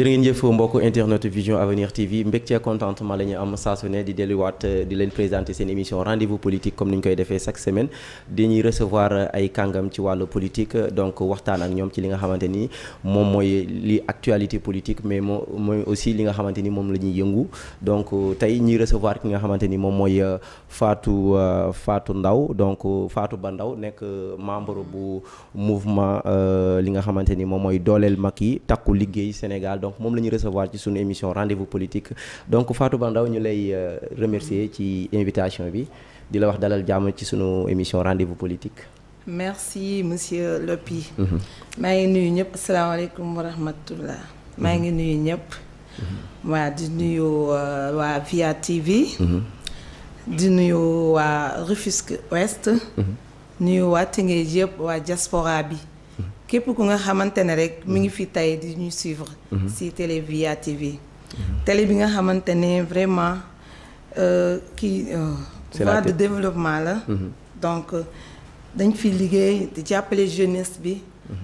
jërë ngeen jëf mbokku internet Vision Avenir TV mbégte contentement la ñu am saa di ne wat euh, di leen présenter seen émission rendez-vous politique comme niñ koy défé chaque semaine dañuy recevoir euh, ay kangam ci walu politique euh, donc waxtaan ak ñom ci li nga xamanteni mom moy li actualité politique mais moy aussi li nga xamanteni mom lañuy yëngu donc tay ñuy recevoir ki nga xamanteni mom moy Fatou Fatou Ndaw donc Fatou Bandaw nek membre bu mouvement li nga xamanteni mom moy dolel dooleel Macky takku liggéey Sénégal donc moom la recevoir ci suñu émission rendez-vous politique donc Fatou Bandaw ñu lay euh, remercier ci invitation bi di la wax dalal jàmm ci suñu émission rendez-vous politique merci monsieur Lopi mhm. maa ngi nuyu ñëpp asalaamaaleykum wa rahmatoullah maa ngi mhm. nuyu ñëpp mhm. waa di nuyu euh, waa Via TV di nuyu waa Rufisque Ouest nuyu waa Tëngéej yëpp waa diaspora bi képp ku nga xamante ne rek mi ngi fi mm-hmm. tey di ñu suivre si mm-hmm. télé Via TV mm-hmm. télé bi nga xamante vraiment une euh, euh, voie de développement la donc euh, dañ fi liggéey di jàppale jeunesse bi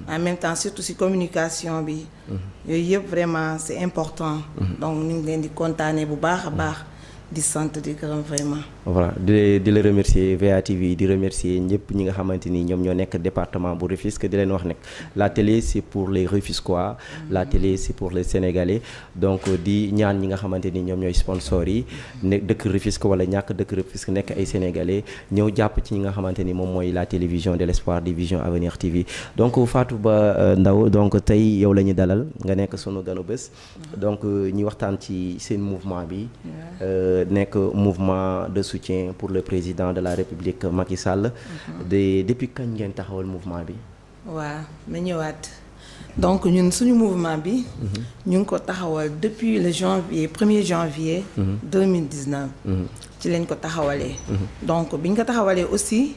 en même temps surtout si communication bi yooyu vraiment c'est important donc nous ngi leen di contaner bu baax a baax di sant di vraiment voilà di di la remercier TV di remercier ñëpp ñi nga xamanteni ñom ñoom ñoo département bu Rufisque di len wax nek la télé c'est pour les Rufisquois la mm-hmm. télé c'est pour les Sénégalais donc di ñaan ñi nga xamanteni ni ñoy sponsor yi nek dëkk Rufisque wala ñak dëkk Rufisque nek ay Sénégalais ñëw japp ci nga xamanteni mom moy la télévision de l'espoir division Avenir TV donc Fatou Ba euh, ndaw donc tay yow lañu dalal nga nek sunu ganu bés mm-hmm. donc euh, ñi waxtaan ci seen mouvement bi euh, nek mouvement de pour le président de la République Macky Sall. Mhm. de depuis kañ ngeen taxawal mouvement bi. waaw Donc, ñëwaat donc ñun suñu mouvement bi. Mhm. ñu ngi ko taxawal depuis le 1er janvier. 2019. Mhm. ci ko donc biñ ko aussi.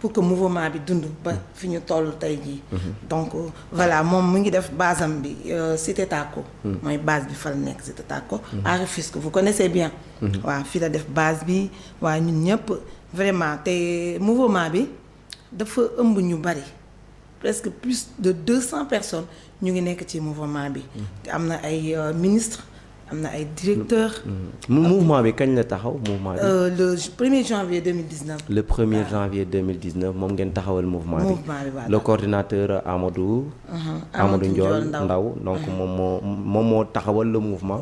pour que mouvement bi dund ba mm-hmm. fiñu ñu tay ji mm-hmm. donc euh, voilà mon mu ngi def base am bi Cité euh, Taco. moy mm. base bi fa la Cité Taco. Arifis, mm-hmm. que vous connaissez bien. wa fi la def base bi wa ñun ñëpp vraiment té mouvement bi dafa ëmb ñu bari presque plus de 200 personnes ñu ngi nek ci mouvement bi. amna ay euh, ministres am ay directeurs. Mm, mm. mouvement bi kañ la taxaw mouvement euh, le 1er janvier 2019. le 1er janvier 2019 je suis taxawal mouvement le coordinateur Amadou. Uh-huh. Amadou Ndiol donc je uh-huh. suis le mouvement.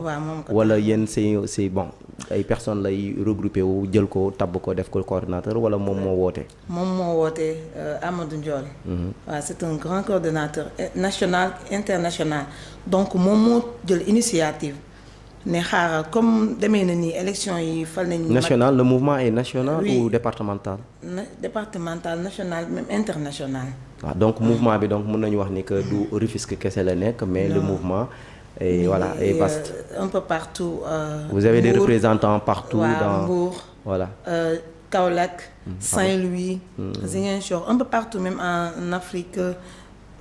wala bien c'est c'est bon Les personnes lay regroupé wu qui ko tabb ko def ko coordinateur wala mon moo wootee. Mon moo wootee euh, Amadou Ndiol. Mm-hmm. c'est un grand coordinateur eh, national international donc mon mot de l'initiative comme élection yi national le mouvement est national. ou départemental. départemental national même international. Donc ah, le donc mouvement bi donc nous nañu wax que du que c'est la mais le mouvement. et voilà est euh, vaste. un peu partout. Euh, vous avez des représentants partout. Ouais, dans voilà. Euh, hmm, Saint-Louis. Hmm. Ziguinchor un peu partout même en Afrique.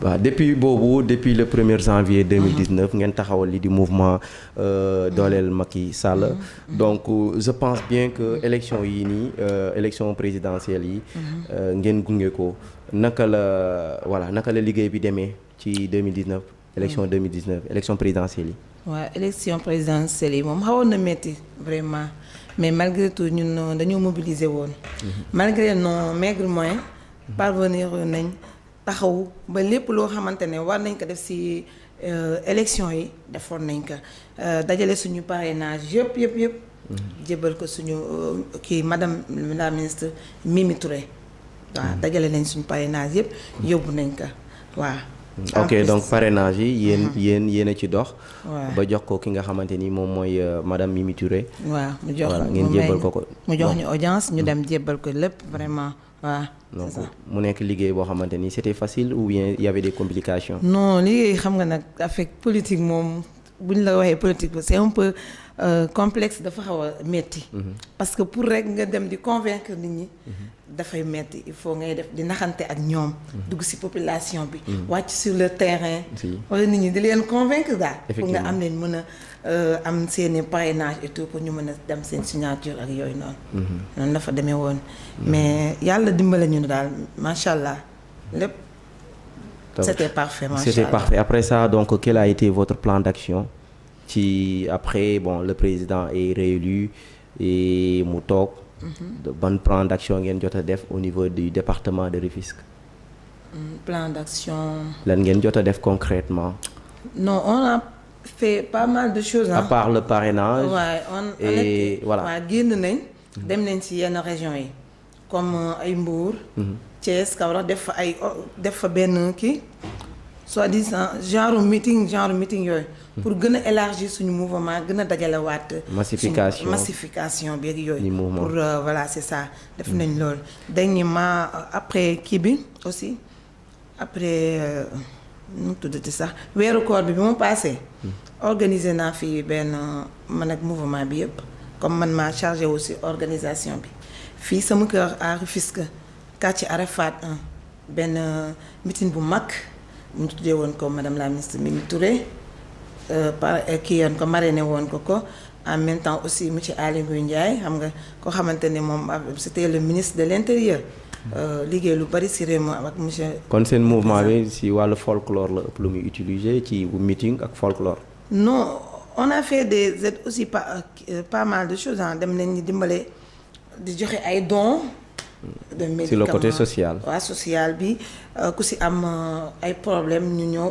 Bah, depuis le depuis le janvier 2019 nous taxawal li du mouvement euh, d'Olel Maki Sall. Mm-hmm. donc je pense bien que l'élection euh, élection présidentielle mm-hmm. euh, nous avons gunge ko voilà naka la bi 2019. élection 2019 mm-hmm. élection présidentielle je élection présidentielle si ne metti vraiment mais malgré tout nous nous mobiliser malgré nos maigres moyens. parvenir nañ taxaw ba lépp loo xamante ne war nañ ko def ci euh, élection yi defoon nañ ko euh, dajale suñu parrainage yëpp yëpp yëpp. Mm-hmm. jébal ko suñu euh, kii madame la ministre Mimi Touré. waaw mm-hmm. dajale nañ suñu parrainage yëpp. Mm-hmm. yóbbu nañ ko waaw. ok donc parrainage yi yéen yéen yéen a ci dox. ba jox ko ki nga xamante ni moom mooy madame Mimi Touré. waaw mu jox ngeen jébbal ko mu jox ñu audience ñu dem jébbal ko lépp vraiment waaw donc mu nekk liggéey boo c'était facile ou bien y avait des complications. non liggéey xam nga a affect politique moom bu la waxee politique c'est un peu. Euh, complexe dafa xaw metti mhm. parce que pour rek nga dem di convaincre nit ñi dafay metti il faut ngay def di naxante ak ñoom mhm. dugg ci population bi mhm. wàcc sur le terrain wala nit ñi di leen convaincre daal pour nga am leen mën a euh, am seeni parrainage et tout pour ñu mën a dem seen signature ak yooyu noonu noonu dafa demee woon mais yàlla dimbale ñu daal macha allah lépp c'était parfait macha c'était parfait après ça donc quel a été votre plan d'action qui après bon le président est réélu et a de bonnes plan d'action au niveau du département de Rufisque. Mm, plan d'action. lan ngeen def concrètement. non on a fait pas mal de choses. Hein. à part le parrainage. Ouais, on, et on voilà génn nañ. Mhm. dem nañ ci régions comme euh, Aïmbour, mhm. Thiès Kaolack def fa ay oh, def soit disant genre meeting genre meeting yooyu pour gën élargir suñu mouvement gën a massification massification bien yooyu. pour euh, voilà c'est ça def nañ loolu. dernièrement euh, après Kibi aussi après euh, nu de ça sax weeru koor bi bi passé paasee. Hmm. organiser na fi benn man ak mouvement bi comme man m'a chargé aussi organisation bi fii sama kër à Rufisque quartier Arafat 1 benn meeting bu mag ñu tuddee woon ko madame la ministre Mimi Touré. Euh, par eh, kii en ko marraine woon ko ko en même temps aussi mu ci Aly Ngouille Ndiaye xam nga ko xamante ne c'était le ministre de l'intérieur euh, liggéey lu bari si réew mi ak monsieur. kon seen mouvement bi si wàllu folklore la ëpp lu muy utiliser ci bu meeting ak folklore. non on a fait des aides aussi pas euh, pas mal de choses ah dem nañ dimbale di joxe ay dons. de médicaments sur le côté social. waaw social bi ku si am ay problème ñu ñëw.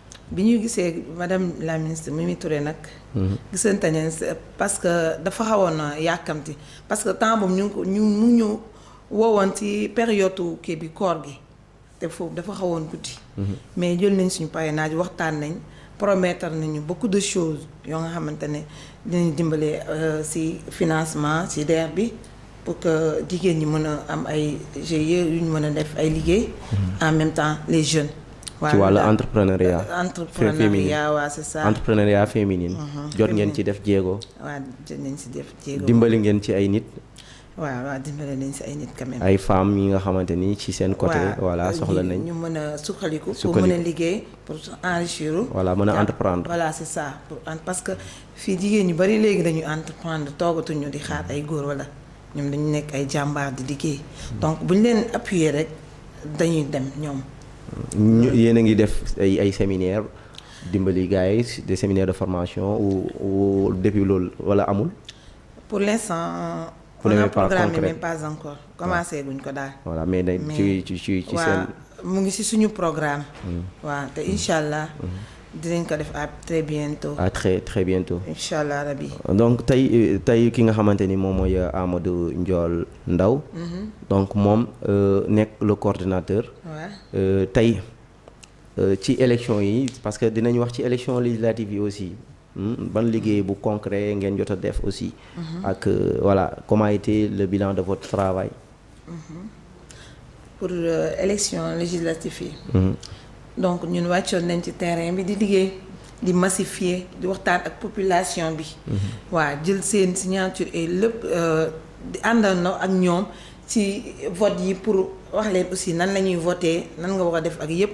bi ñu gisee madame la ministre Mimi Touré nag. Mhm. gisante ne parce que dafa xawoon na yàkkamti parce que temps boobu ñu ñu mu ñu woowoon ci période kii bi koor gi te foofu dafa xawoon guddi. Mhm. mais jël nañ suñu parrainage waxtaan nañ promettre nañu beaucoup de choses yoo nga xamante ne dinañ dimbale ci euh, financement ci DER bi pour que jigéen ñi mën a am ay GIE yu ñu mën a def ay liggéey. Mhm. en même temps les jeunes. ci wàllu entrepreneuria eh, entrepreneuria waa c' est ça entrepreneuria féminine. Mhm, jot ngeen ci def jéego. waa jot ngeen ci def jéego dimbali ngeen ci ay nit. waa waa dimbali nañ si ay nit quand même. ay femmes yi nga xamante ni ci seen côté. voilà euh, soxla nañ ñu mën a sukkaliku. pour mën a liggéey pour enrichir. voilà mën a entreprendre. voilà c' est ça pour parce que fii jigéen ñu bari léegi dañu entreprendre toogatuñu di xaar ay góor wala ñoom dañu nekk ay jàmbaar di liggéey. Mm. donc buñ leen appuyé rek dañuy dem ñoom. ñu yéen a ngi def ay ay séminaire dimbali gars des séminaires de formation ou ou depuis loolu wala amul. pour l'instant on n'a programmé même pas encore commencé guñ ko daal. voilà mais day ci ci ci ci seen. mu ngi ci suñu programme. Mm. waaw te incha allah. Mm. Mm. dinañ ko def à très bientôt. à très très bientôt. incha allah rabi. donc tey euh, tey ki nga xamante ni moom mooy euh, Amadou Ndiol Ndaw mm-hmm. donc moom euh, nekk le coordinateur. Euh, tey euh, ci élection yi parce que dinañ wax ci élection législative yi aussi hmm? ban liggéey bu concret ngeen jot a def aussi. Mhm. ak euh, voilà comment était été le bilan de votre travail. Mhm. pour élection législative yi. Hmm. donc ñun wàccoon nañ ci terrain bi di liggéey di massifier di waxtaan ak population bi. Mhm. waa jël seen signature et lépp àndandoo ak ñoom ci vote yi pour wax leen aussi nan lañuy voter voté nan nga wara def ak yépp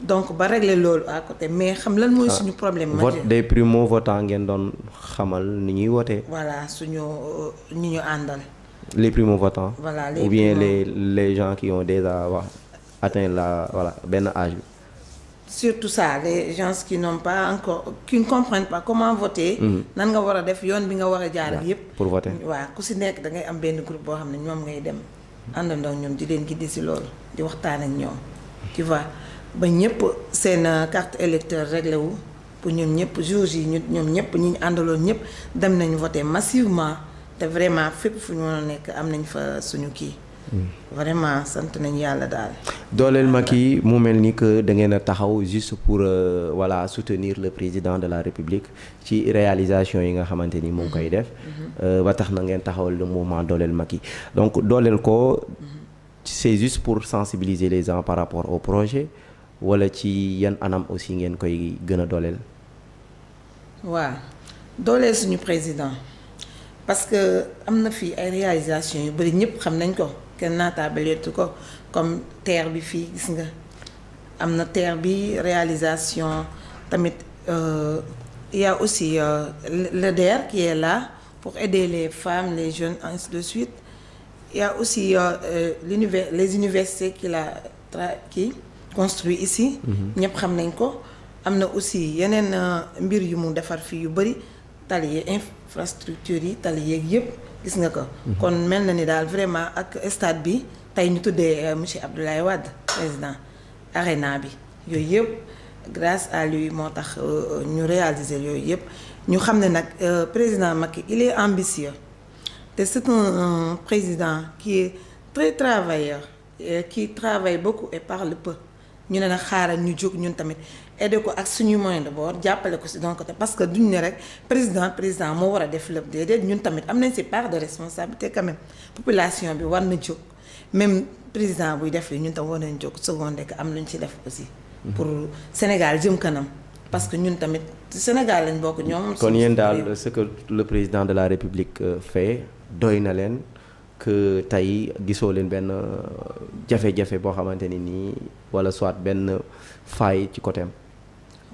donc ba régler lool à côté mais xam lan mooy ah, suñu problème. majeur vote des primo votants ngeen doon xamal ni ñuy voté. voilà suñu euh, ñi ñu àndal. les primo votants. voilà les ou bien les les gens qui ont déjà atteint la voilà ben âge surtout ça les gens qui n'ont pas encore qui ne comprennent pas comment voter. Mhm. nan nga wara def yoon bi nga wara a jaar yëpp. pour voter waaw ku si nekk da ngay am benn groupe boo xam ne ñoom ngay dem. àndandoo ñoom di leen gindi si loolu di waxtaan ak ñoom tu vois ba ñëpp seen euh, carte électeur réglé wu pour ñoom ñëpp jours yi ñu ñoom ñëpp ñi ñu àndaloon ñëpp dem nañu voté massivement te vraiment fépp fu ñu mën a nekk am nañ fa suñu kii vraiment sant nañu yalla dal Dolel Maki, mu melni ni que da ngeen a taxaw juste pour euh, voilà soutenir le président de la République ci réalisation yi nga xamante mo koy def. Euh, ba tax na ngeen taxawal le mouvement Dolel Maki. donc Dolel, ko. c'est juste pour sensibiliser les gens par rapport au projet wala ci a anam aussi ngeen koy gëna Dolel wa Dolel, c'est suñu président parce que am fi ay réalisation yu bari ñépp xam nañ ko kenn naataabaleetu ko comme terre bi fi gis nga amna terre bi réalisation tamit euh, il y a aussi euh, le l'EDER qui est là pour aider les femmes les jeunes ainsi de suite il y a aussi euh, euh, l'univers les universités qu'il a qui construit ici mhm. ñep xam nañ ko amna aussi yenen mbir yu mu defar fi yu bari tali yeeg infrastructure yi tali yeeg yëpp gis nga ko. kon mel na ni daal vraiment ak stade bi tey ñu tuddee euh, monsieur Abdoulaye Wade président arena bi yooyu yëpp grâce à lui moo tax euh, euh, ñu réaliser yooyu yëpp ñu xam ne président Macky il est ambitieux c'est un président qui est très travailleur qui travaille beaucoup et parle peu ñu ne nag xaaral ñu jóg ñun tamit. Et ko ak suñu moyen de bord jàppale ko si donc parce que duñ ne rek président président moo war a def lépp déedéet ñun tamit am nañ si part de responsabilité quand même population bi war na jóg même président buy def li ñun tam war nañ jóg seconde que am luñ si def aussi. Mhm. pour Sénégal jëm kanam. parce que ñun tamit Sénégal lañ bokk ñoom. kon yéen dans ce que le président de la République euh, fait doy na que tey gisoo leen j'ai fait, jafe boo xamante ni voilà soit ben faille ci côté am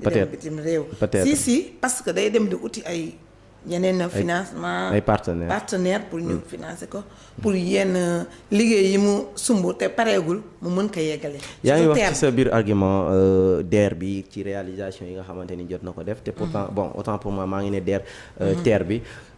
peut-être bitim réew peut si si parce que day dem di uti ay yeneen financement ay partenaire partenaire pour ñu mm. financer ko pour yenn liggéey yi mu sumb te pareegul mu mën ko yeggale yaa ngi wax ci sa biir argument euh, DER bi ci réalisation yi nga xamante ni jot na ko def te pour pourtant mm. bon autant pour moi maa ngi ne DER euh, mm. TER bi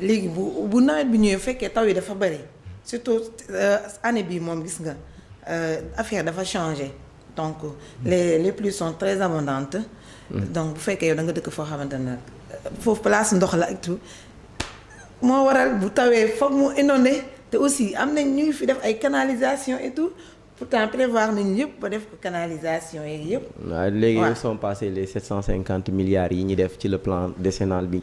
les léegi bu bu nawet bi fait que taw yi dafa c'est surtout euh, année bii moom gis nga euh, affaire dafa changé donc les les pluies sont très abondantes. donc bu fekkee yow da nga dëkk foo xamante ne foofu place ndox la ak tout moo waral bu tawee foog mu inondé aussi amener une ñuy fi def canalisation et tout pourtant prévoir voir yëpp ba def canalisation et yëpp. waaw ils sont passés les 750 milliards yi ñu def le plan décennal bi.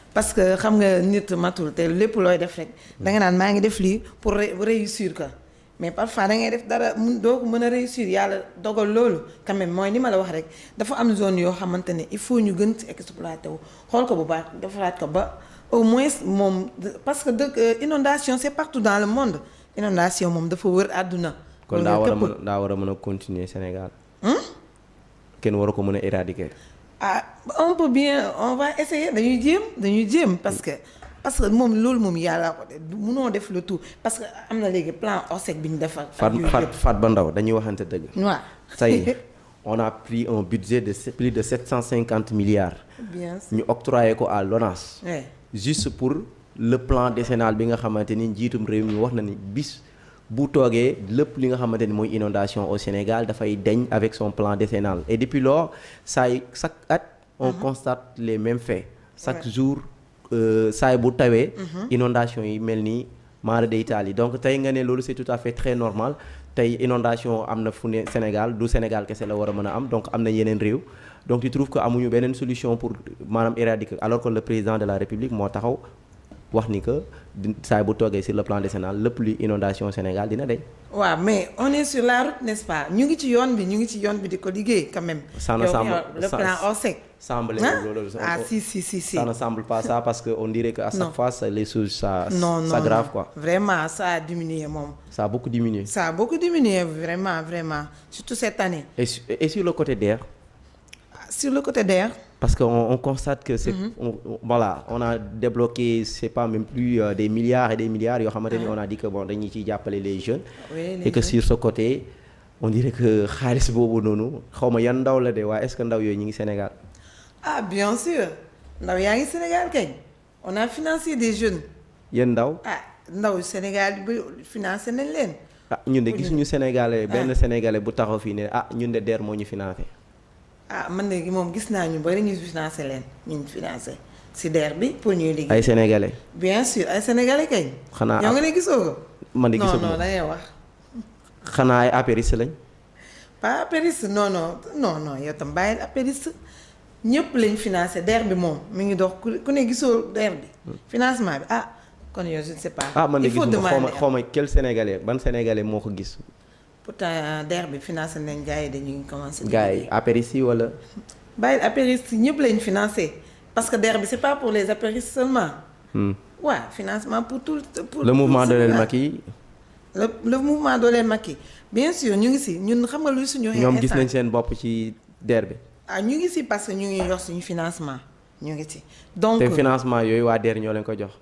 parce que xam nga nit matul te lépp looy def rek da nga naan maa ngi def li pour réussir ko mais parfois da ngay def dara do doo ko mën réussir yalla dogal lolu quand même moy ni mala wax rek dafa am zone yo xamantene il faut ñu gën ci exploité wu xool ko bu baax defaraat ko ba au moins mom parce que dëkk euh, inondation c'est partout dans le monde inondation moom dafa wër aduna kon da wara a mën daa continuer Sénégal. Hmm? ken wara ko mën éradiquer ah on peut bien on va essayer dañuy de dañuy dire parce que parce que moom loolu moom a ko nous on def le tout parce que am na léegi plan ORSEC bi ñu Fat Fat Fat Ba Ndaw dañuy waxante dëgg. waaw ça y est on a pris un budget de plus de 750 milliards. bien ñu octroyé ko à l'ONAS. juste pour le plan décennal bi nga xamante ni njiitum wax na ni bis bu le plus li nga inondation au Sénégal de fait avec son plan décennal et depuis lors chaque on uh-huh. constate les mêmes faits chaque jour ça euh, bu une uh-huh. inondation yi mel nii Italie donc c'est tout à fait très normal Il inondation am Sénégal du Sénégal c'est la le a am donc am na yeneen donc tu trouves que a une solution pour Mme éradiquer alors que le président de la République Mouatao, wax ni que sur le plan décennal le plus inondation Sénégal dina mais on est sur la route n'est-ce pas nous sommes sur la bi ñu ngi ci quand même. ça ne semble le plan ça ne semble pas ça parce qu'on dirait qu'à à chaque fois les choses ça grave vraiment ça a diminué ça a beaucoup diminué. ça a beaucoup diminué vraiment vraiment surtout cette année. et sur le côté d'air. Ah, sur le côté d'air parce qu'on on constate que c'est mhm. voilà on a débloqué c'est pas même plus euh, des milliards et des milliards yoo xamante on a dit que bon dañuy ciy jàppale les jeunes et que sur ce côté on dirait que khalis bobu nonou xawma ma yan ndaw la de wa est-ce que ndaw yoy ñu Sénégal ah bien sûr ndaw ya ngi Sénégal kañ on a financé des jeunes yéen ndaw ah ndaw Sénégal bi financé nañ len ah ñun de ñu Sénégalais ben Sénégalais bu taxaw fi ne ah ñun de DER moo ñu financé ah man de moom gis naa ñu bari ñu financé leen ñu financé si DER bi pour ñuy liggéey. ay sénégalais. bien sûr ay sénégalais kañ. xanaa ñoo ngi ne gisoo ko. man de gisoo non wax. xanaa ay lañ. pas apériste non non non non yow ñëpp lañ financé DER bi moom mi ngi dox ku ne gisoo DER hmm. financement bi ah kon yow je ne sais pas. il faut demander ah man de gisuma ban sénégalais moo ko gis. pourtant DER bi financé nañ gars yi dañuy commencé. gars yi wala. bàyyil apéristes ñepp lañ financer parce que Derby, c'est pas pour les apéristes seulement. hmm. ouais, financement pour tout pour. le mouvement de Macky. le le mouvement Dooleel Macky bien sûr ñu ngi ci ñun xam nga luy suñu. ñom gis nañ seen bop ci derby. ah ñu ngi ci parce que ñu ngi yor suñu financement ñu ngi ci donc te financement yoy wa DER ñoo leen ko jox.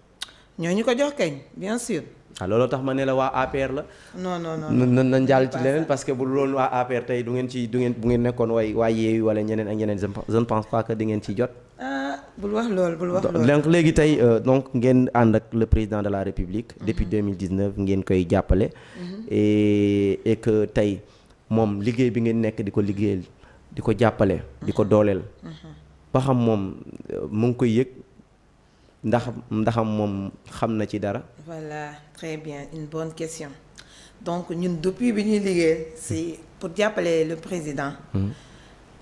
ñoo ñu ko jox bien sûr. Ah, looloo tax ma ne la waa APR la. non non non nañ jàll ci leneen parce que bu loolu waa APR tey du ngeen ci du ngeen bu ngeen nekkoon way waa Yewwi wala ñeneen ak ñeneen je ne pense que di ngeen ci jot. Ah, bul wax loolu bul wax loolu donc léegi tey euh, donc ngeen ànd ak le président de la république. Mm-hmm. depuis 2019 ngeen koy jàppale. Mm-hmm. et que tey moom liggéey bi ngeen nekk di ko liggéeyal di ko jàppale. di ko dooleel. Mm-hmm. ba xam moom euh, mu ngi koy yëg. ndax ndaxam pas si ci voilà très bien une bonne question donc ñun depuis que nous liggéey si pour appeler le président. Hmm.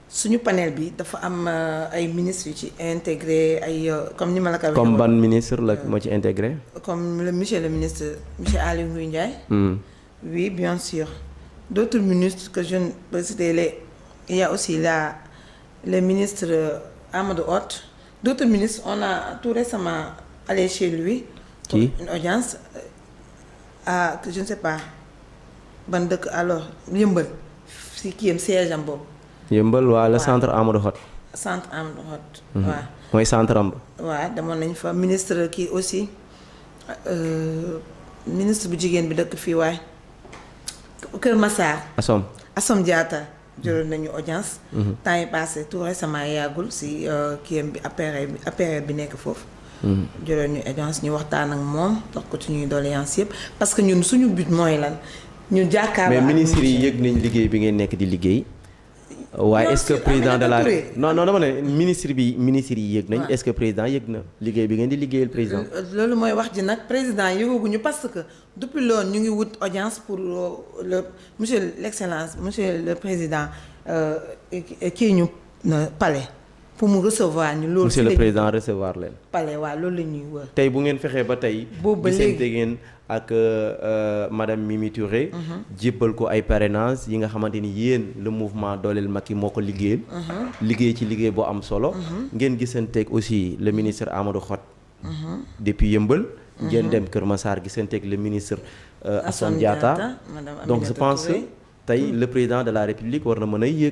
suñu panel il y a des ministres qui ci intégré euh, comme le comme ban ministre la moo intégré. Euh, comme le monsieur le ministre monsieur Aliou Ngouille hmm. oui bien sûr D'autres ministres que je ne peux citer il y a aussi la le ministre euh, Amadou Hote. D'autres ministres, on a tout récemment allé chez lui Qui? une audience euh, à, je ne sais pas, Bandek, alors, Yembel, si qui aime siège en Bob. ouais, le centre Amrohot. Oui, Centre Amadou ouais. Oui, centre Amadou. Ouais, demande mon fois, ministre qui aussi, euh, ministre Boudjigène, Bidek Fiwai, massa. Assom. Assom Diata. jëloon nañu audience. Mhm. temps yi passé tout récemment yàggul si euh, kiyam bi appareil bi appareil bi nekk foofu. Mhm. jëloon ñu audience ñu waxtaan ak moom dox ko ci ñuy doléance yëpp parce que ñun suñu but mooy lan ñu jàkkaar mais ministre yi yëg nañ liggéey bi ngeen nekk di liggéey. waaye est-ce que président de la non non ministre bi ministre yi yëg nañ est-ce que président yëg na liggéey bi ngeen di liggéeyal président euh, euh, loolu mooy wax ji nag président yëguñu parce que depuis loolu ñu ngi wut audience pour euh, le monsieur l'excellence monsieur le président kii ñu pale pour mu recevoir ñu. monsieur le président recevoir len pale wa loolu la ñuy wër. tay bu ngeen fexé ba tay boobu ba ngeen ak euh, euh, madame Mimi Touré. Mhm. jébbal ko ay parrainage yi nga xamante yeen le mouvement dooleel Macky moko ko liggéeyal. Mhm. liggéey ci liggéey boo am solo. Mhm. ngeen gisanteeg aussi le ministre Amadou Hott. depuis yembal ngeen dem Kër Massar gisanteeg le ministre. Euh, Assane Diata donc je pense tay le président de la république war na mën a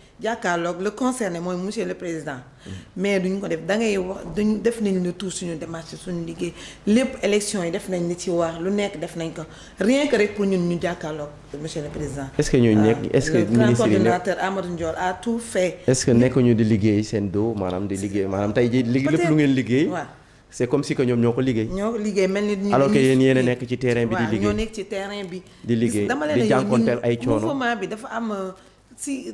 jàkkaarloog le concerné mooy monsieur le président mais duñ ko def da ngay wax duñ def nañ le tout suñu démarche suñu ligue lepp élection yi def nañ ni ci war lu nekk def nañ ko rien que rek pour ñun ñu jàkkaarloog monsieur le président. est-ce que ñooñu nekk est-ce que ministre le coordinateur Amadou ndior a tout fait. est-ce que nekkuñu di ligue sen do manam di liggéey maanaam tey jii lepp lu ngeen ligue c'est comme si que ñom ñoko ko ñoko ñoo melni ñu. alors que yéen yéen a ci terrain bi. di liggéey waaw ñoo nekk ci terrain bi. di liggéey di jànkonteel ay coono mouvement bi dafa am euh, si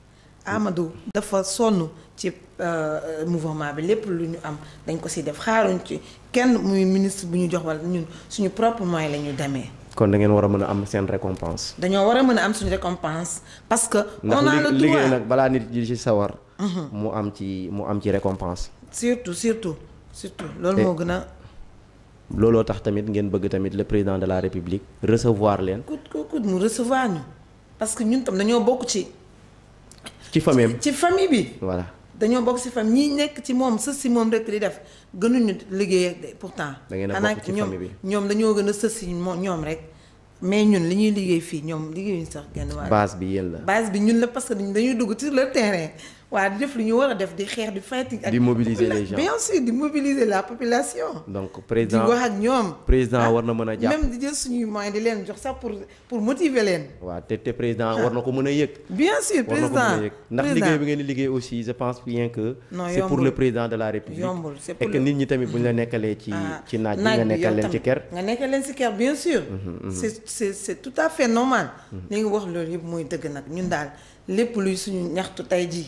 Amadou dafa sonu ci euh, euh, mouvement bi lepp luñu am dañ ko ci def xaruñ ci kenn muy ministre bu ñu jox wal ñun suñu propre moyen la ñu kon da ngeen wara mëna am sen récompense. dañoo wara mëna am suñu récompense parce que. on a le droit ndax liggéey nag nit ji ci sawar. Mhm. mu am ci mu am ci récompense. surtout surtout surtout lool mo gëna a. tax tamit ngeen bëgg tamit le président de la république recevoir leen. ku ku mu recevoir ñu parce que ñun tam dañoo bokku ci ci famille ci famille bi. voilà dañu bok ci fam ñi nek ci mom sës si moom rek li def gënuñu liggéey ak pourtant. da ngeen a ci famille bi ñom dañu gën a sës si rek. mais ñun li ñuy liggéey ñom ñoom liggéeyuñu sax genn wàll. base bi yéen la base bi ñun la parce que dañuy dugg ci le terrain waa def lu ñu wara def di xeex di fighting di mobiliser les gens bien sûr di mobiliser la population. donc président di wax ak ñom président ah, war na mëna a jàpp même di jël suñu moyens di leen jox sax pour pour motiver leen. wa té té président ah. war na ko mën a bien sûr président ndax liggéey bi ngeen di liggéey aussi je pense rien que. c'est pour le président de la république. et que nit ñi tamit buñ la nekkalé ci ah. ci naaj bi nga nekkal leen ci ker. nga nekkal leen ci ker bien sûr. Mhm, mhm. c'est c'est c'est tout à fait normal. Mhm. li nga wax lool yëpp moy dëgg nak ñun daal lépp luy suñu ñaxtu tay jii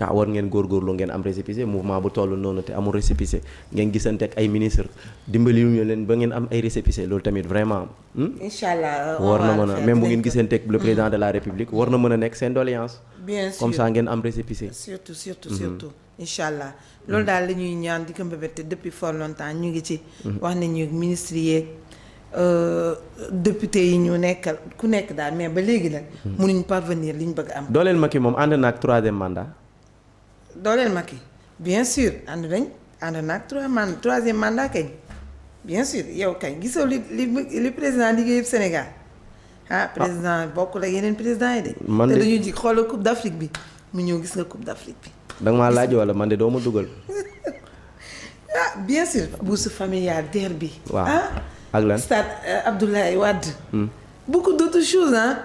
ah war ngeen góorgóorlu ngeen am récépissé mouvement bu toll noonu te amul récépissé ngeen gisante ak ay ministre dimbali yu ñu leen ba ngeen am ay récépissé loolu tamit vraiment. Hmm? incha allah war na mën a même bu ngeen gisante ak le hmm. président de la république war na mën a nekk seen doléance. bien sûr comme ça ngeen am récépissé. surtout hmm. surtout surtout. allah loolu daal la ñuy ñaan di ko mbébéte depuis fort longtemps ñu ngi ci. wax nañu ministre yeeg euh, député yi ñu nekkal ku nekk daal mais ba léegi nag. mënuñ parvenir li ñu bëgg am. dooleel Macky moom ànd naag troisième mandat. dooleel Macky bien sûr ànd dañ Nak, troisième mandat bien sûr yow kañ gisoo Qui est le président du Sénégal ah, ah. président beaucoup ak yeneen président yi de. man de te dañuy ji xoolal coupe d'Afrique. bi mu ñëw nga coupe d'Afrique. Afrique bi. da nga maa laaj wala man de doo ah bien sûr bourse familiale derby bi. waaw ah, stade euh, Abdoulaye Wade. Hmm. beaucoup d'autres choses hein?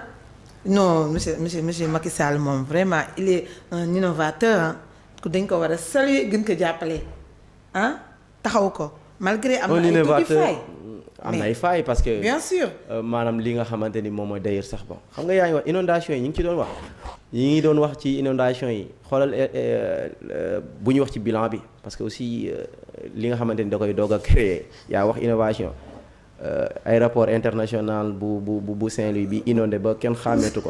non monsieur monsieur monsieur Macky Sall moom vraiment il est un innovateur hein? dañ ko war saluer gën ko jàppale ah taxaw ko malgré am na ay tuuti faay am na ay faay parce que bien sûr euh, maanaam li nga xamante ni d'ailleurs sax bon xam nga yaa wax inondation yi ñu ngi ci doon wax yi ngi doon wax ci inondation yi xolal euh, euh, bu ñu wax ci bilan bi parce que aussi li nga xamanteni da koy doga créer ya wax innovation euh aéroport international bu bu bu Saint-Louis bi inondé ba ken xàmmeetu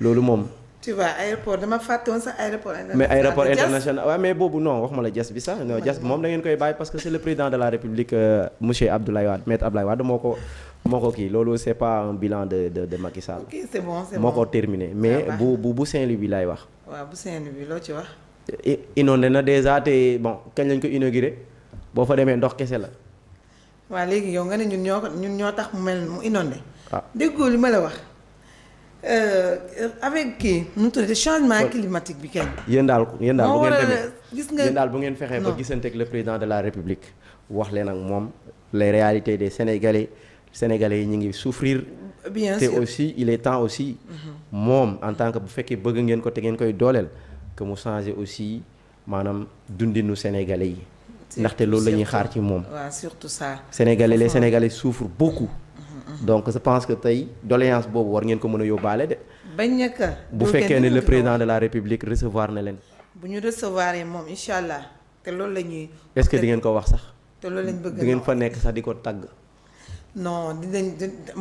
lolu mom tu vois aéroport dama fàtte woon sax aéroport. mais aéroport international waaw mais Bobu non wax ma juste jas bi non jas bi moom da ngeen koy parce que c'est le président de la république euh, monsieur Abdoulaye Wade maître Abdoulaye Wade moo ko moo ko c'est pas un bilan de de de Macky Sall. ok c'est bon c'est bon moo ko terminé mais bu bu bu Saint-Louis bi laay wax. waaw bu Saint-Louis bi loo ci wax. inondé na déjà été bon kañ lañ ko inauguré boo fa demee ndox kese la. waaw léegi yow nga ne ñun ñoo ñun ñoo tax mu mel mu inondé. waaw ah. déggoo ma la wax. Euh, euh, avec qui nous traitons tuddati changement climatique bi kenn. yéen daal bu ngeen demee euh, gis bu ngeen fexé ba gisanteeg le président de la république wax leen ak mom les réalités des sénégalais sénégalais yi ñu ngi souffrir. bien sûr aussi il est temps aussi. Mm-hmm. moom en tant que bu féké bëgg ngeen ko te ngeen koy dooleel que mu changer aussi manam dundinu sénégalais yi. ndaxte loolu lañuy xaar ci mom wa surtout ça. sénégalais les sénégalais souffrent beaucoup donc je pense que tay doléance bobu war ngeen ko meuna a yóbbaale de. bañ na bu fekké né le président de la république recevoir na len bu ñu recevoir moom mom inshallah té loolu lañuy est-ce que di ngeen ko wax sax. té loolu lañ bëgg di ngeen fa nek sax diko tag Não,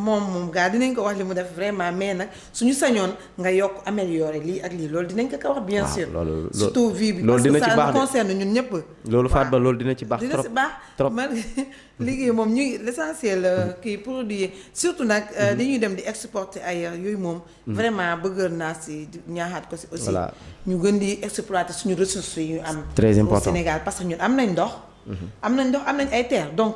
moom moom gaa dinañ ko wax li mu def vraiment mais a suñu sañoon nga yokk améliorer lii ak lii loolu dinañ ko ko wax bien que ça nous concerne ñun ñëpp loolu faat ba loolu dina ci baax dina ci baax trop Mas, liggéey moom ñuy l'essentiel euh, mm-hmm. kii produit surtout nag li euh, mm-hmm. ñuy dem di exporter ailleurs yooyu moom mm-hmm. vraiment bëggoon naa si ñaaxaat ko si aussi ñu gën di exploiter ressources yi am très important Sénégal parce que ñun am nañ am nañ am donc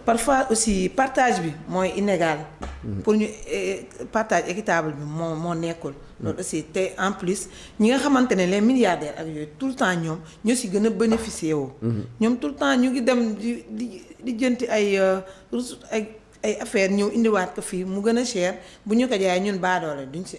parfois aussi partage bi moy inégal. Mhm. pour ñu eh, partage équitable bi mo mo nekkul. loolu aussi té en plus ñi nga xamante ne les milliardaires ak yoy tout le temps ñom ñoo ci gëna bénéficier woo. Mhm. ñom tout le temps ñu ngi dem di di jënti ay euh, ay affaire ñeu indi indiwaat ko fi mu gëna cher bu ñu ko jaay ñun la duñ si.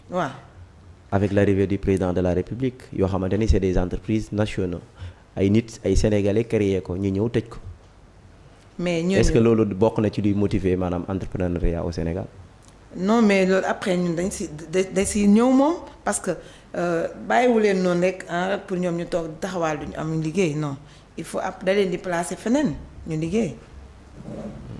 waaw avec l'arrivée du président de la république yoo xamante c'est des entreprises nationales. ay nit ay sénégalais créé ko ñu ñëw tëj ko. mais est-ce que loolu bokk na ci luy motiver maanaam entrepreneuriat au Sénégal. non mais loolu après ñun dañ si dañ parce que euh, bàyyiwu leen noonu rek ah, pour nous ñu toog taxawaal duñu am liggéey non il faut ab da leen placer feneen ñu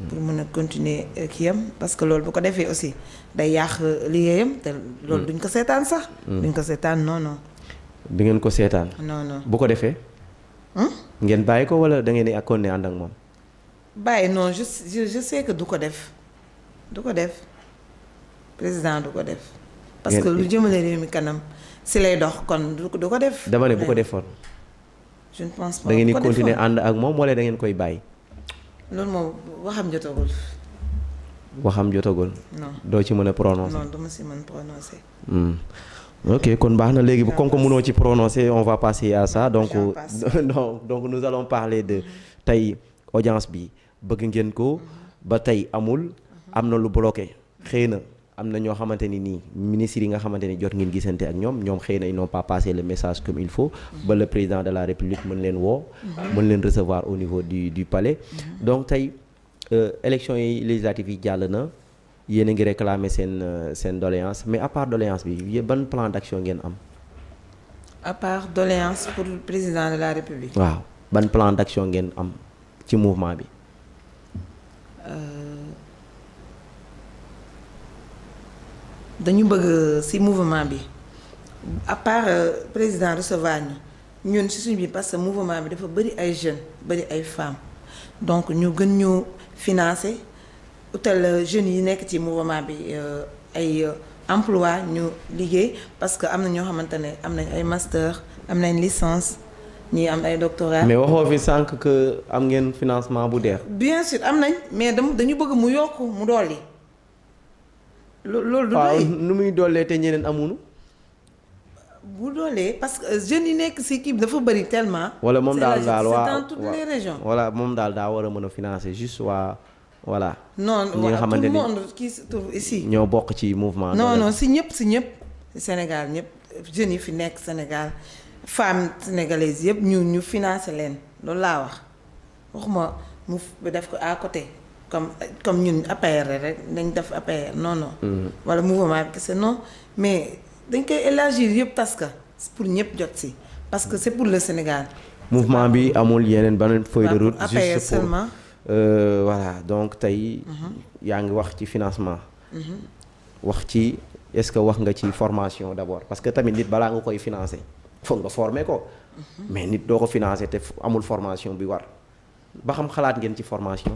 pour mën a continuer kii yam parce que loolu bu ko defee aussi day yàq liggéeyam te loolu mm. duñ ko seetaan sax. Mm. duñ ko seetaan non non. du ngeen ko seetaan. non non bu ko defee. Hein? ngeen bàyyi ko wala da ngeen di akkoon ne ànd ak moom. bàyyi non je je sais que du ko def du ko def président du ko def. parce que lu jëmale réew mi kanam si lay dox kon du ko def. dama ne bu ko defoon. je ne pense pas da ngeen di continuer ànd ak moom wala da ngeen koy bàyyi loolu moom waxam jotagul. waxam jotagul. non doo ci mën prononcer. non si mën prononcer. Hmm. ok kon baax na léegi comme que ci prononcer on va passer à ça donc donc nous allons parler de tey audience bi bëgg ngeen ko mhm. amul mhm. bloqué amna na ñoo xamante ni ministre yi nga xamanteni jot ngeen gisante ak ñom ñom na ils pas passé le message comme il faut ba le président de la république mën leen wo mën leen recevoir au niveau du du palais donc euh élection législative législatives yi jàll na a ngi réclamer sen une euh, doléance mais à part doléance bi ban plan d'action ngeen am à part doléance pour le président de la république waaw ban plan d'action ngeen am ci mouvement bi euh, dañu bëgg euh, ci mouvement bi à part euh, président recevoir ñu ñun ci suñu bi parce que mouvement bi dafa bëri ay jeunes bëri ay femmes donc ñu gën ñu financer utal euh, jeunes yi nekk ci mouvement bi ay emploi ñu liggéey parce que am na ñoo xamante ne am nañ ay master am nañ licence ñii am ay doctorat. mais waxoo fi sànq que am ngeen financement bu deer bien sûr am nañ mais dañu bëgg mu yokk mu dolli loolu du doy nu muy doolee ñeneen amuñu. bu doolee parce que jeunes yi nekk si kii dafa bëri tellement. wala moom daal daal waa c'est dans toutes les régions. voilà moom daal daa war a financer juste wa, voilà. non ñi tout le monde qui se trouve ici. ñoo bok ci mouvement. non non si ñep si ñep Sénégal ñep jeunes yi fi nekk Sénégal femmes sénégalaises yëpp ñu ñu financer leen loolu la wax waxuma mu def ko à côté comme comme ñun APR rek dañ def APR non non. Mm. wala mouvement parce que non mais dañ koy élargir yëpp taska pour ñëpp jot ci parce que c'est pour le Sénégal. mouvement bi amul yenen banen feuille de route. juste pour seulement. Euh, voilà donc tay mm-hmm. yaa ngi wax ci financement. Mm-hmm. wax ci est-ce que wax nga ci formation d'abord parce que tamit nit bala nga koy financer faut nga former ko. Mm-hmm. mais nit doo ko financer té amul formation bi war ba xam xalaat ngeen ci formation.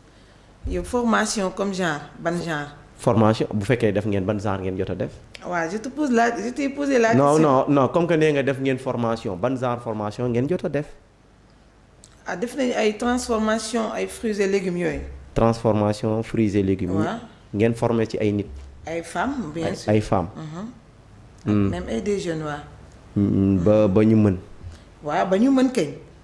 y une formation comme genre ban genre. formation vous faites def ngeen ban genre ngeen jot a def. je te pose la je t'ai posé la non non non comme que né nga def formation ban genre formation vous avez a def. ah def avez ay transformation ay fruits et légumes transformation fruits et légumes. Vous avez formé ci ay nit. ay femme, bien sûr ay femme mhm. mm. même ay des jeunes waaw. bah ba ñu mën.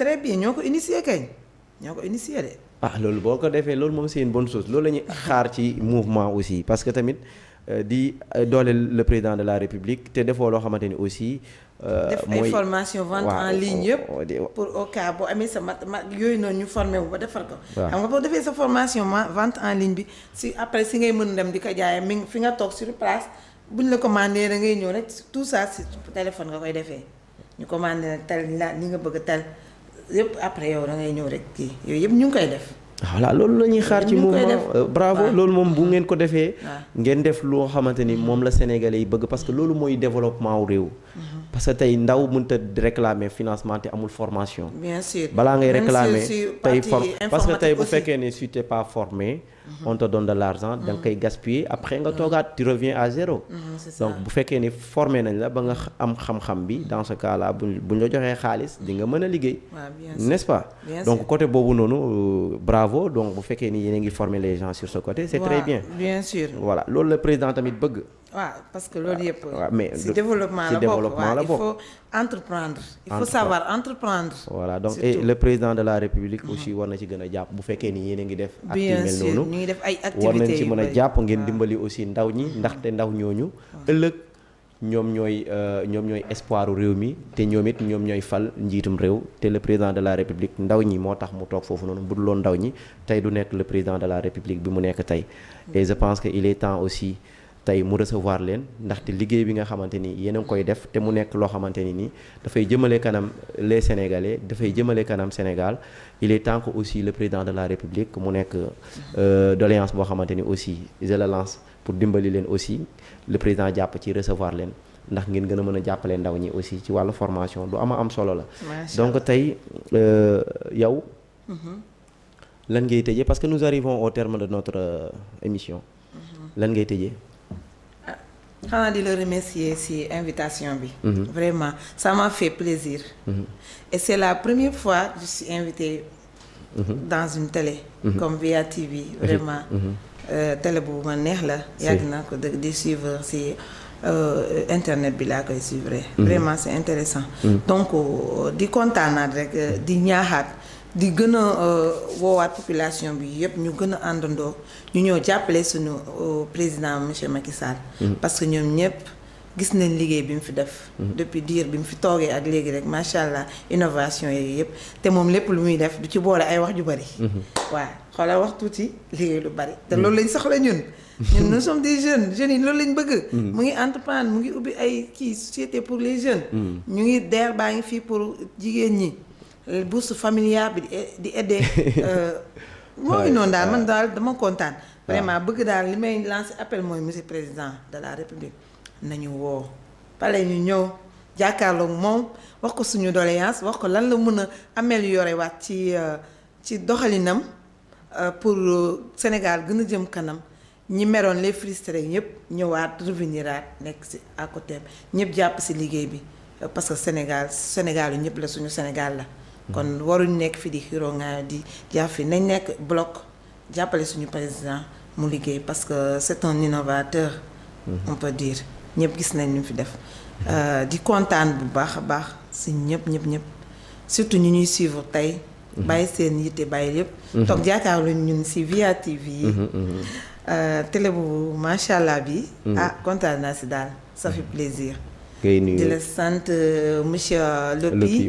très bien ñoo ko initié kañ ñoo ko initié de. ah loolu boo ko defee loolu moom c'est une bonne chose loolu la ñuy xaar ci mouvement aussi parce que tamit euh, di euh, dooleel le président de la république te defoo loo xamante ni aussi. Euh, def ay formation vente en ligne yëpp. pour au cas boo amee sa mat mat yooyu noonu ñu formé wu ba defar ko. xam nga boo defee sa formation vente en ligne bi si après si ngay mën dem di ko jaayee mi fi nga toog sur place buñ la commandé da ngay ñëw rek tout ça si téléphone nga koy defee ñu commandé tel ni nga bëgg tel. yëpp après yow da ngay ñëw rek kii yooyu yëpp ñu ngi koy def. voilà loolu la ñuy xaar ci mouvement euh, bravo loolu moom bu ngeen ko defee ngeen def loo xamante ni moom la sénégalais yi bëgg parce que loolu mooy développement réew mhm. parce que tey ndaw mënta réclamer financement te amul formation balaa ngay réclamer tey for parce que tey bu fekkee ne si pas formé Mhm. on te donne de l'argent donc mhm. tu gaspiller après tu reviens à zéro mhm, donc bu fekkee ni formé nañ la ba nga am dans ce cas là tu as la di nga n'est-ce pas donc côté de euh, bravo donc vous faites ni y former les gens sur ce côté c'est très bien bien sûr voilà président a président le bug waaw parce que loolu yëpp. mais développement la bokk il faut entreprendre. il faut savoir entreprendre. voilà donc et le président de la république. Mm-hmm. aussi war ci gëna japp bu féké ni yéen a ngi def. ak nonu mel ñu ngi def ay activités war ci mëna japp ngeen dimbali aussi ndaw ñi ndaxte ndaw ñoñu ëlëk ñom ñoy euh, ñoom ñooy espoiru réew mi té ñoom it ñoom fal njitum réew té le président de la république ndaw ñi moo tax mu tok fofu nonu bu ndaw ñi tay du nekk le président de la république bi mu nekk tay et je pense que il est temps aussi tay mu recevoir leen ndaxte liguey bi nga xamanteni yene yéen ngi koy def te mu nek lo xamanteni ni da fay jëmele kanam les sénégalais da fay jëmele kanam Sénégal il est temps que aussi le président de la république mu nekk euh, doléance boo xamante ni aussi je la lance pour dimbali len aussi le président japp ci recevoir len ndax ngeen gëna mëna jappalé a ndaw ñi aussi ci walu formation du ama am solo la. donc tay euh yow. Mm-hmm. lan ngay tejé parce que nous arrivons au terme de notre euh, émission. Mm-hmm. lan ngay tejé je remercie remercier invitation bi. Mhm. vraiment ça m'a fait plaisir. Mhm. et c'est la première fois que je suis invitée. Mhm. dans une télé. comme Via TV vraiment. Euh, télé la. a ko suivre ci euh, internet bi koy suivre. vraiment c'est intéressant. donc euh, di kontaanaat rek di gën a euh, woowaat population bi yépp ñu gëna a àndandoo ñu ñëw jàppale suñu euh, président monsieur Macky Sall. Mm-hmm. parce que ñoom ñëpp gis nañ liggéey bi mu fi def. Mm-hmm. depuis diir bi mu fi toogee ak léegi rek macha allah innovation yooyu yëpp te moom lépp lu muy def du ci boole ay wax ju bari. Mm-hmm. waaw xoolal wax tuuti liggéey lu bari. te loolu lañ soxla ñun. ñun nous sommes des jeunes jeunes yi loolu lañ bëgg. mu ngi entreprendre mu ngi ubbi ay kii société pour les jeunes. ñu ngi DER baa ngi fii pour jigéen ñi. Euh, bourse familiale bi di aider euh, ah. mooy non dal man vraiment appel monsieur président de la république nañu wo pale ñu ñëw jakarlo wax ko suñu doléance wax ko lan la améliorer euh, pour Sénégal jëm kanam ñi les frustrés ñëpp ñëwaat à côté parce que Sénégal Sénégal ñëpp Sénégal kon mm-hmm. waruñ nek fi di nga di nañ nek bloc jappalé suñu président parce que c'est un innovateur mm-hmm. on peut dire ñëpp gis nañ ñu fi def euh, di contane bu baax baax si surtout ñuy suivre tay mm-hmm. bay seen tok jaakar Via TV euh télé bu machallah bi ah contane na ci dal ça fait plaisir De la sainte euh, monsieur Lopi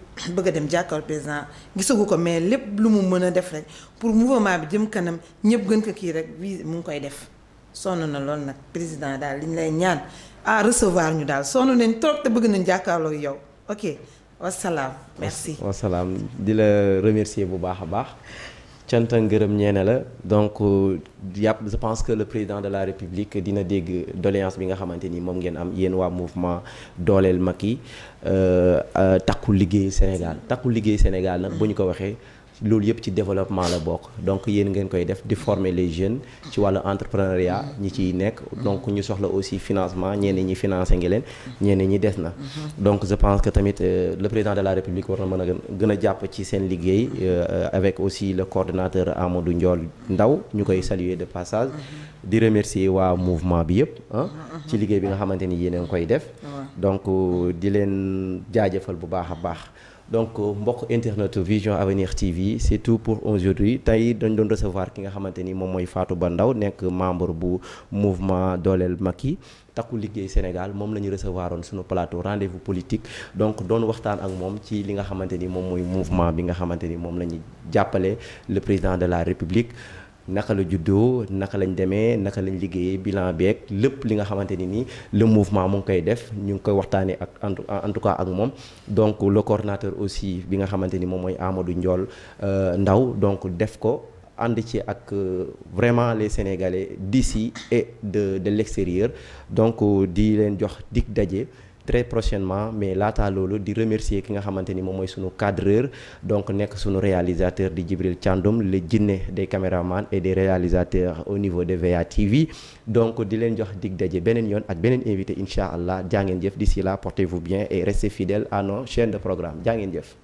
bëgg a dem jàkkaarloo président gisagu ko mais lépp lu mu mën a def rek pour mouvement bi jëm kanam ñëpp gën ko kii rek wii mu ngi koy def sonn na lool nag président daal li lay ñaan ah recevoir ñu daal sonn nañ trop te bëgg nañ jàkkaarloo yow ok wasalaam. merci wasalaam di la remercier bu baax a baax. canta ngërëm la donc euh, je pense que le président de la république dina dég doléance bi nga xamante ni moom ngeen am yeen wa mouvement dooleel euh, euh takku liggéey Sénégal takku liggéey Sénégal nag buñ ko waxé loolu yëpp ci développement la bokk donc yéen ngeen koy def di former les jeunes ci wàllu entrepreneuriat ñi ciy nekk donc ñu soxla aussi financement ñeneen ñi financé ngi leen ñeneen ñi des na donc je pense que tamit euh, le président de la république war na mën a gën a jàpp ci seen liggéey euh, avec aussi le coordinateur Amadou Ndiol Ndaw ñu koy saluer de passage di remercier waa mouvement bi yëpp ah, ci liggéey bi nga xamante ni yéen a koy def donc euh, di leen jaajëfal bu baax a baax donc euh, mbok internet Vision Avenir TV c'est tout pour aujourd'hui Taï dañ doon recevoir ki nga xamanteni ni moy Fatou bandaw nek membre bu mouvement dolel Maki, taku liguey Sénégal mom lañu recevoir on suñu plateau rendez-vous politique donc doon waxtaan ak Mom, ci li nga xamanteni ni moy mouvement bi nga xamanteni ni lañu le président de la République naka la juddoo naka lañ demee naka lañ liggéeyee bilan beeg lépp li nga xamante ni le mouvement mu ngi koy def ñu ngi koy waxtaanee ak en tout cas ak moom donc le coordinateur aussi bi nga xamante ni moom mooy amadou ndiol euh, ndaw donc def ko ànd ci ak euh, vraiment les sénégalais d' et de de l' donc euh, di leen jox dig daje. très prochainement mais là, loolu di remercier ki nga xamanteni mom moy sunu cadreur donc nek sunu réalisateur di Djibril Thiandoum le jinne des caméramans et des réalisateurs au niveau de VA TV donc di vous jox dig dajé benen yoon ak benen invité inshallah allah d'ici là portez-vous bien et restez fidèles à nos chaînes de programme jaa